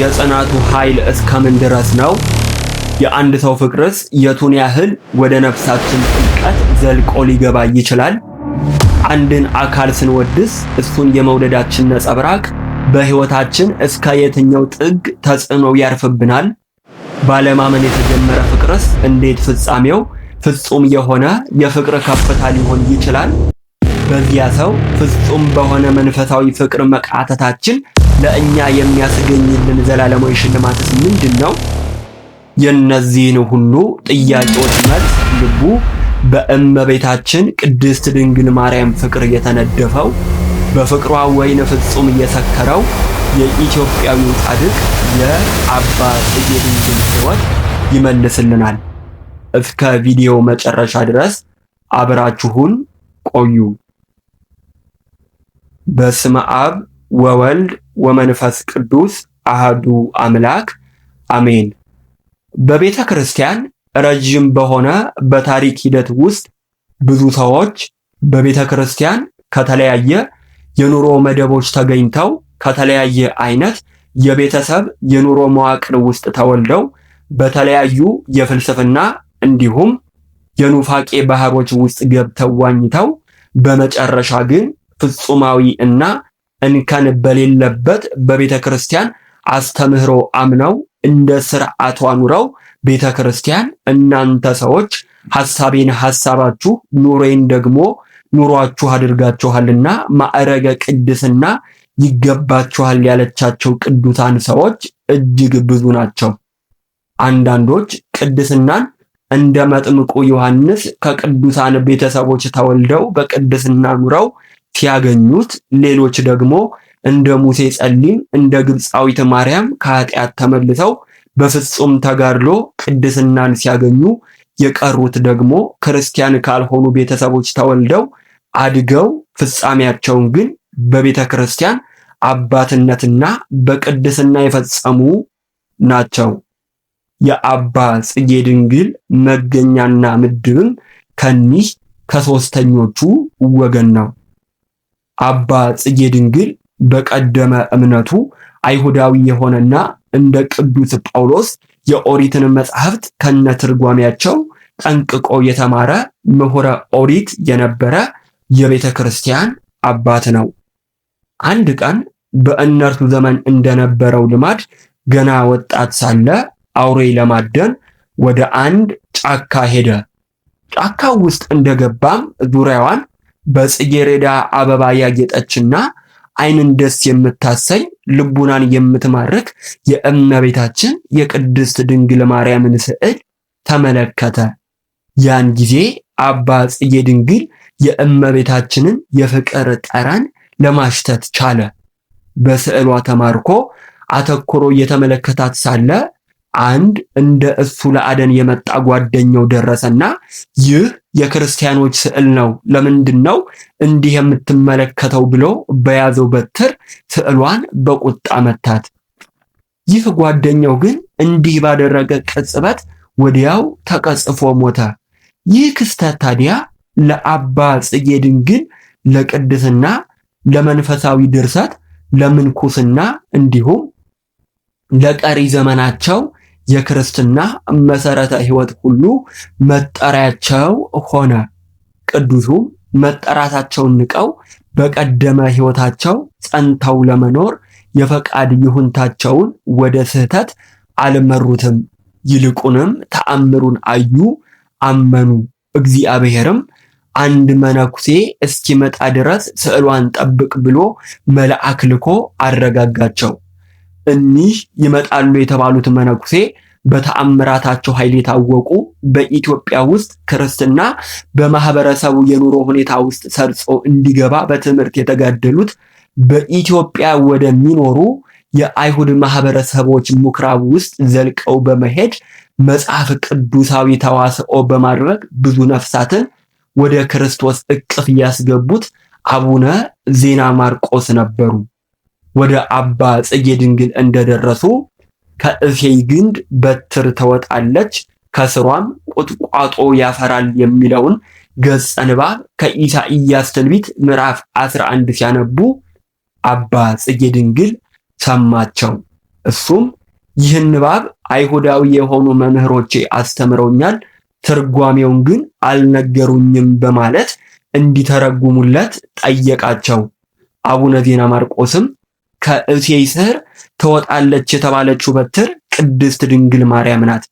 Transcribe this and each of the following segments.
የጽናቱ ኃይል እስከምን ድረስ ነው? የአንድ ሰው ፍቅርስ የቱን ያህል ወደ ነፍሳችን ጥልቀት ዘልቆ ሊገባ ይችላል? አንድን አካል ስንወድስ እሱን የመውደዳችን ነጸብራቅ በሕይወታችን እስከ የትኛው ጥግ ተጽዕኖ ያርፍብናል? ባለማመን የተጀመረ ፍቅርስ እንዴት ፍጻሜው ፍጹም የሆነ የፍቅር ከፍታ ሊሆን ይችላል? በዚያ ሰው ፍጹም በሆነ መንፈሳዊ ፍቅር መቃተታችን ለእኛ የሚያስገኝልን ዘላለማዊ ሽልማትስ ምንድን ነው? የእነዚህን ሁሉ ጥያቄዎች መልስ ልቡ በእመቤታችን ቅድስት ድንግል ማርያም ፍቅር የተነደፈው በፍቅሯ ወይን ፍጹም እየሰከረው የኢትዮጵያዊው ጻድቅ የአባ ጽጌ ድንግል ሕይወት ይመልስልናል። እስከ ቪዲዮ መጨረሻ ድረስ አብራችሁን ቆዩ። በስመ አብ ወወልድ ወመንፈስ ቅዱስ አህዱ አምላክ አሜን። በቤተ ክርስቲያን ረዥም በሆነ በታሪክ ሂደት ውስጥ ብዙ ሰዎች በቤተ ክርስቲያን ከተለያየ የኑሮ መደቦች ተገኝተው ከተለያየ አይነት የቤተሰብ የኑሮ መዋቅር ውስጥ ተወልደው በተለያዩ የፍልስፍና እንዲሁም የኑፋቄ ባህሮች ውስጥ ገብተው ዋኝተው በመጨረሻ ግን ፍጹማዊ እና እንከን በሌለበት በቤተ ክርስቲያን አስተምህሮ አምነው እንደ ስርዓቷ ኑረው ቤተ ክርስቲያን እናንተ ሰዎች ሐሳቤን ሐሳባችሁ ኑሬን ደግሞ ኑሯችሁ አድርጋችኋልና ማዕረገ ቅድስና ይገባችኋል ያለቻቸው ቅዱሳን ሰዎች እጅግ ብዙ ናቸው። አንዳንዶች ቅድስናን እንደ መጥምቁ ዮሐንስ ከቅዱሳን ቤተሰቦች ተወልደው በቅድስና ኑረው ሲያገኙት፣ ሌሎች ደግሞ እንደ ሙሴ ጸሊም እንደ ግብፃዊት ማርያም ከኃጢአት ተመልሰው በፍጹም ተጋድሎ ቅድስናን ሲያገኙ፣ የቀሩት ደግሞ ክርስቲያን ካልሆኑ ቤተሰቦች ተወልደው አድገው ፍጻሜያቸውን ግን በቤተ ክርስቲያን አባትነትና በቅድስና የፈጸሙ ናቸው። የአባ ጽጌ ድንግል መገኛና ምድብም ከኒህ ከሦስተኞቹ ወገን ነው። አባ ጽጌ ድንግል በቀደመ እምነቱ አይሁዳዊ የሆነና እንደ ቅዱስ ጳውሎስ የኦሪትን መጻሕፍት ከነትርጓሜያቸው ጠንቅቆ የተማረ ምሁረ ኦሪት የነበረ የቤተ ክርስቲያን አባት ነው። አንድ ቀን በእነርሱ ዘመን እንደነበረው ልማድ ገና ወጣት ሳለ አውሬ ለማደን ወደ አንድ ጫካ ሄደ። ጫካው ውስጥ እንደገባም ዙሪያዋን በጽጌረዳ አበባ ያጌጠችና ዓይንን ደስ የምታሰኝ ልቡናን የምትማርክ የእመቤታችን የቅድስት ድንግል ማርያምን ስዕል ተመለከተ። ያን ጊዜ አባ ጽጌ ድንግል የእመቤታችንን የፍቅር ጠረን ለማሽተት ቻለ። በስዕሏ ተማርኮ አተኩሮ እየተመለከታት ሳለ አንድ እንደ እሱ ለአደን የመጣ ጓደኛው ደረሰና ይህ የክርስቲያኖች ስዕል ነው፣ ለምንድን ነው እንዲህ የምትመለከተው ብሎ በያዘው በትር ስዕሏን በቁጣ መታት። ይህ ጓደኛው ግን እንዲህ ባደረገ ቅጽበት ወዲያው ተቀጽፎ ሞተ። ይህ ክስተት ታዲያ ለአባ ጽጌ ድንግል ለቅድስና፣ ለመንፈሳዊ ድርሰት፣ ለምንኩስና እንዲሁም ለቀሪ ዘመናቸው የክርስትና መሰረተ ህይወት ሁሉ መጠሪያቸው ሆነ። ቅዱሱ መጠራታቸውን ንቀው በቀደመ ህይወታቸው ጸንተው ለመኖር የፈቃድ ይሁንታቸውን ወደ ስህተት አልመሩትም። ይልቁንም ተአምሩን አዩ፣ አመኑ። እግዚአብሔርም አንድ መነኩሴ እስኪመጣ ድረስ ስዕሏን ጠብቅ ብሎ መልአክ ልኮ አረጋጋቸው። እኒህ ይመጣሉ የተባሉት መነኩሴ በተአምራታቸው ኃይል የታወቁ በኢትዮጵያ ውስጥ ክርስትና በማህበረሰቡ የኑሮ ሁኔታ ውስጥ ሰርጾ እንዲገባ በትምህርት የተጋደሉት በኢትዮጵያ ወደሚኖሩ የአይሁድ ማህበረሰቦች ምኩራብ ውስጥ ዘልቀው በመሄድ መጽሐፍ ቅዱሳዊ ተዋስኦ በማድረግ ብዙ ነፍሳትን ወደ ክርስቶስ እቅፍ ያስገቡት አቡነ ዜና ማርቆስ ነበሩ። ወደ አባ ጽጌ ድንግል እንደደረሱ ከእሴይ ግንድ በትር ተወጣለች ከስሯም ቁጥቋጦ ያፈራል የሚለውን ገጸ ንባብ ከኢሳይያስ ትንቢት ምዕራፍ 11 ሲያነቡ አባ ጽጌ ድንግል ሰማቸው። እሱም ይህን ንባብ አይሁዳዊ የሆኑ መምህሮቼ አስተምረውኛል፣ ትርጓሜውን ግን አልነገሩኝም በማለት እንዲተረጉሙለት ጠየቃቸው። አቡነ ዜና ማርቆስም ከእሴይ ስር ትወጣለች የተባለችው በትር ቅድስት ድንግል ማርያም ናት።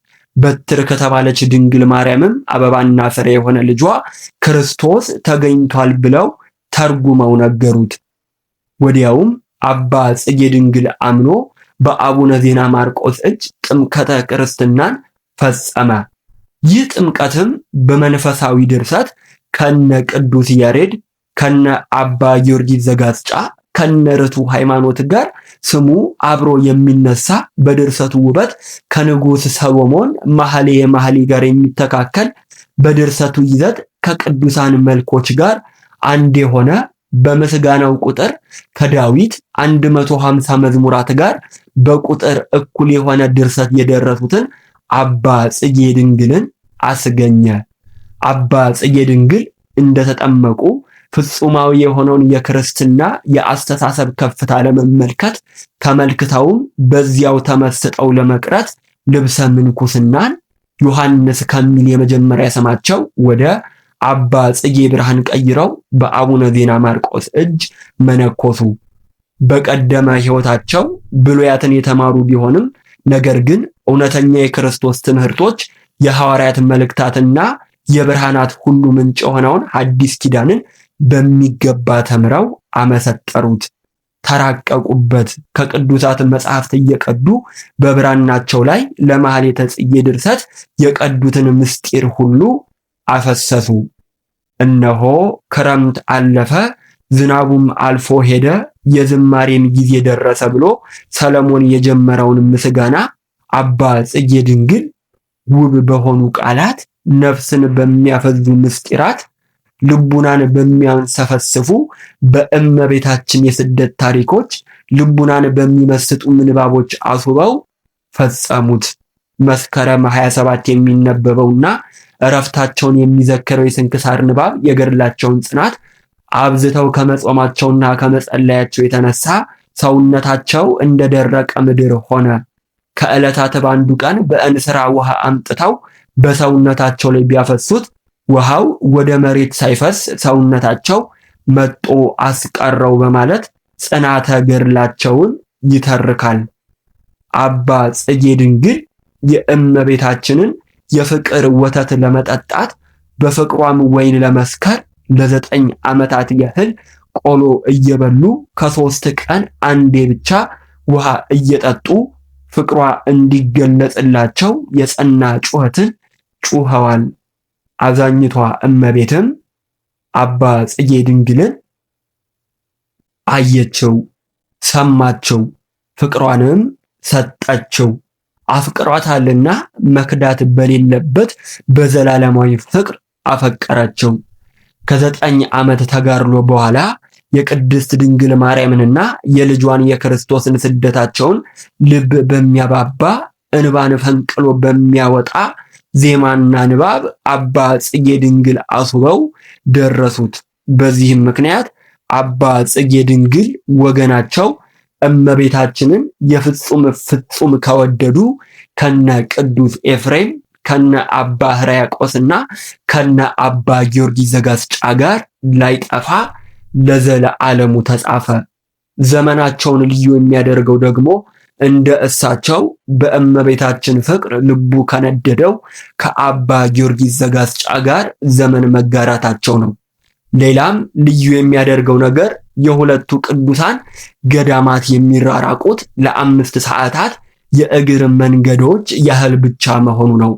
በትር ከተባለች ድንግል ማርያምም አበባና ፍሬ የሆነ ልጇ ክርስቶስ ተገኝቷል ብለው ተርጉመው ነገሩት። ወዲያውም አባ ጽጌ ድንግል አምኖ በአቡነ ዜና ማርቆስ እጅ ጥምቀተ ክርስትናን ፈጸመ። ይህ ጥምቀትም በመንፈሳዊ ድርሰት ከነ ቅዱስ ያሬድ ከነ አባ ጊዮርጊስ ዘጋስጫ ከነርቱ ሃይማኖት ጋር ስሙ አብሮ የሚነሳ በድርሰቱ ውበት ከንጉሥ ሰሎሞን ማህሌ መኃልይ ጋር የሚተካከል በድርሰቱ ይዘት ከቅዱሳን መልኮች ጋር አንድ የሆነ በምስጋናው ቁጥር ከዳዊት 150 መዝሙራት ጋር በቁጥር እኩል የሆነ ድርሰት የደረሱትን አባ ጽጌ ድንግልን አስገኘ። አባ ጽጌ ድንግል እንደተጠመቁ ፍጹማዊ የሆነውን የክርስትና የአስተሳሰብ ከፍታ ለመመልከት ተመልክተውም በዚያው ተመስጠው ለመቅረት ልብሰ ምንኩስናን ዮሐንስ ከሚል የመጀመሪያ ስማቸው ወደ አባ ጽጌ ብርሃን ቀይረው በአቡነ ዜና ማርቆስ እጅ መነኮሱ። በቀደመ ሕይወታቸው ብሉያትን የተማሩ ቢሆንም ነገር ግን እውነተኛ የክርስቶስ ትምህርቶች የሐዋርያት መልእክታትና የብርሃናት ሁሉ ምንጭ የሆነውን ሀዲስ ኪዳንን በሚገባ ተምረው አመሰጠሩት፣ ተራቀቁበት። ከቅዱሳት መጽሐፍት እየቀዱ በብራናቸው ላይ ለማኅሌተ ጽጌ ድርሰት የቀዱትን ምስጢር ሁሉ አፈሰሱ። እነሆ ክረምት አለፈ፣ ዝናቡም አልፎ ሄደ፣ የዝማሬም ጊዜ ደረሰ ብሎ ሰለሞን የጀመረውን ምስጋና አባ ጽጌ ድንግል ውብ በሆኑ ቃላት ነፍስን በሚያፈዙ ምስጢራት ልቡናን በሚያንሰፈስፉ በእመቤታችን የስደት ታሪኮች ልቡናን በሚመስጡ ምንባቦች አስውበው ፈጸሙት። መስከረም 27 የሚነበበውና እረፍታቸውን የሚዘክረው የስንክሳር ንባብ የገድላቸውን ጽናት አብዝተው ከመጾማቸውና ከመጸለያቸው የተነሳ ሰውነታቸው እንደ ደረቀ ምድር ሆነ። ከዕለታት በአንዱ ቀን በእንስራ ውሃ አምጥተው በሰውነታቸው ላይ ቢያፈሱት ውሃው ወደ መሬት ሳይፈስ ሰውነታቸው መጦ አስቀረው በማለት ጽናተ ገድላቸውን ይተርካል። አባ ጽጌ ድንግል የእመቤታችንን የፍቅር ወተት ለመጠጣት በፍቅሯም ወይን ለመስከር ለዘጠኝ ዓመታት ያህል ቆሎ እየበሉ ከሶስት ቀን አንዴ ብቻ ውሃ እየጠጡ ፍቅሯ እንዲገለጽላቸው የጸና ጩኸትን ጩኸዋል። አዛኝቷ እመቤትም አባ ጽጌ ድንግልን አየቸው፣ ሰማቸው፣ ፍቅሯንም ሰጣቸው። አፍቅሯታልና መክዳት በሌለበት በዘላለማዊ ፍቅር አፈቀራቸው። ከዘጠኝ ዓመት ተጋድሎ በኋላ የቅድስት ድንግል ማርያምንና የልጇን የክርስቶስን ስደታቸውን ልብ በሚያባባ እንባን ፈንቅሎ በሚያወጣ ዜማና ንባብ አባ ጽጌ ድንግል አስውበው ደረሱት። በዚህም ምክንያት አባ ጽጌ ድንግል ወገናቸው እመቤታችንን የፍጹም ፍጹም ከወደዱ ከነ ቅዱስ ኤፍሬም ከነ አባ ሕርያቆስና ከነ አባ ጊዮርጊስ ዘጋስጫ ጋር ላይጠፋ ለዘለዓለሙ ተጻፈ። ዘመናቸውን ልዩ የሚያደርገው ደግሞ እንደ እሳቸው በእመቤታችን ፍቅር ልቡ ከነደደው ከአባ ጊዮርጊስ ዘጋስጫ ጋር ዘመን መጋራታቸው ነው። ሌላም ልዩ የሚያደርገው ነገር የሁለቱ ቅዱሳን ገዳማት የሚራራቁት ለአምስት ሰዓታት የእግር መንገዶች ያህል ብቻ መሆኑ ነው።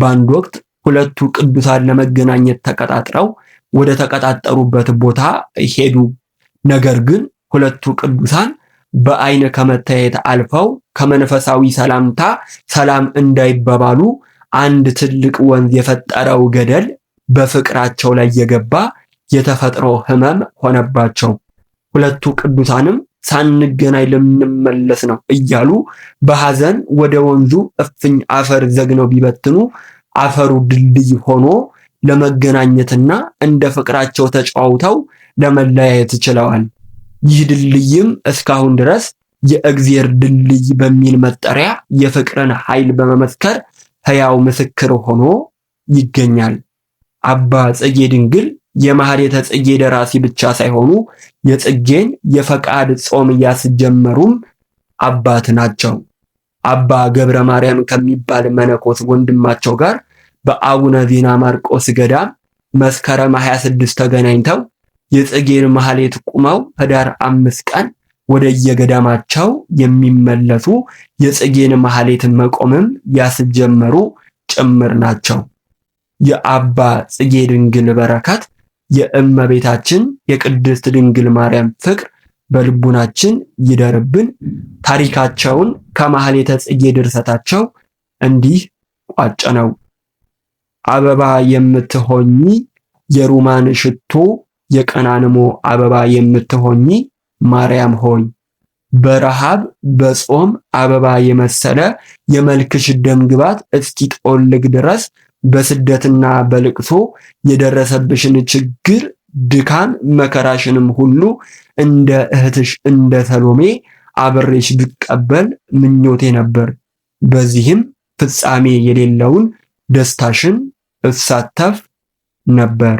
በአንድ ወቅት ሁለቱ ቅዱሳን ለመገናኘት ተቀጣጥረው ወደ ተቀጣጠሩበት ቦታ ሄዱ። ነገር ግን ሁለቱ ቅዱሳን በአይን ከመታየት አልፈው ከመንፈሳዊ ሰላምታ ሰላም እንዳይባባሉ አንድ ትልቅ ወንዝ የፈጠረው ገደል በፍቅራቸው ላይ የገባ የተፈጥሮ ህመም ሆነባቸው። ሁለቱ ቅዱሳንም ሳንገናኝ ልንመለስ ነው እያሉ በሐዘን ወደ ወንዙ እፍኝ አፈር ዘግነው ቢበትኑ አፈሩ ድልድይ ሆኖ ለመገናኘትና እንደ ፍቅራቸው ተጫውተው ለመለያየት ችለዋል። ይህ ድልድይም እስካሁን ድረስ የእግዚአብሔር ድልድይ በሚል መጠሪያ የፍቅርን ኃይል በመመስከር ሕያው ምስክር ሆኖ ይገኛል። አባ ጽጌ ድንግል የማኅሌተ ጽጌ ደራሲ ብቻ ሳይሆኑ የጽጌን የፈቃድ ጾም እያስጀመሩም አባት ናቸው። አባ ገብረ ማርያም ከሚባል መነኮስ ወንድማቸው ጋር በአቡነ ዜና ማርቆስ ገዳም መስከረም 26 ተገናኝተው የጽጌን ማህሌት ቁመው ህዳር አምስት ቀን ወደ የገዳማቸው የሚመለሱ የጽጌን ማህሌት መቆምም ያስጀመሩ ጭምር ናቸው። የአባ ጽጌ ድንግል በረከት የእመቤታችን የቅድስት ድንግል ማርያም ፍቅር በልቡናችን ይደርብን። ታሪካቸውን ከማህሌተ ጽጌ ድርሰታቸው እንዲህ ቋጭ ነው። አበባ የምትሆኚ የሩማን ሽቶ የቀናንሞ አበባ የምትሆኚ ማርያም ሆይ በረሃብ በጾም አበባ የመሰለ የመልክሽ ግባት እስኪጦልግ ድረስ በስደትና በልቅሶ የደረሰብሽን ችግር፣ ድካም፣ መከራሽንም ሁሉ እንደ እህትሽ እንደ ሰሎሜ አብሬሽ ብቀበል ምኞቴ ነበር። በዚህም ፍጻሜ የሌለውን ደስታሽን እሳተፍ ነበር።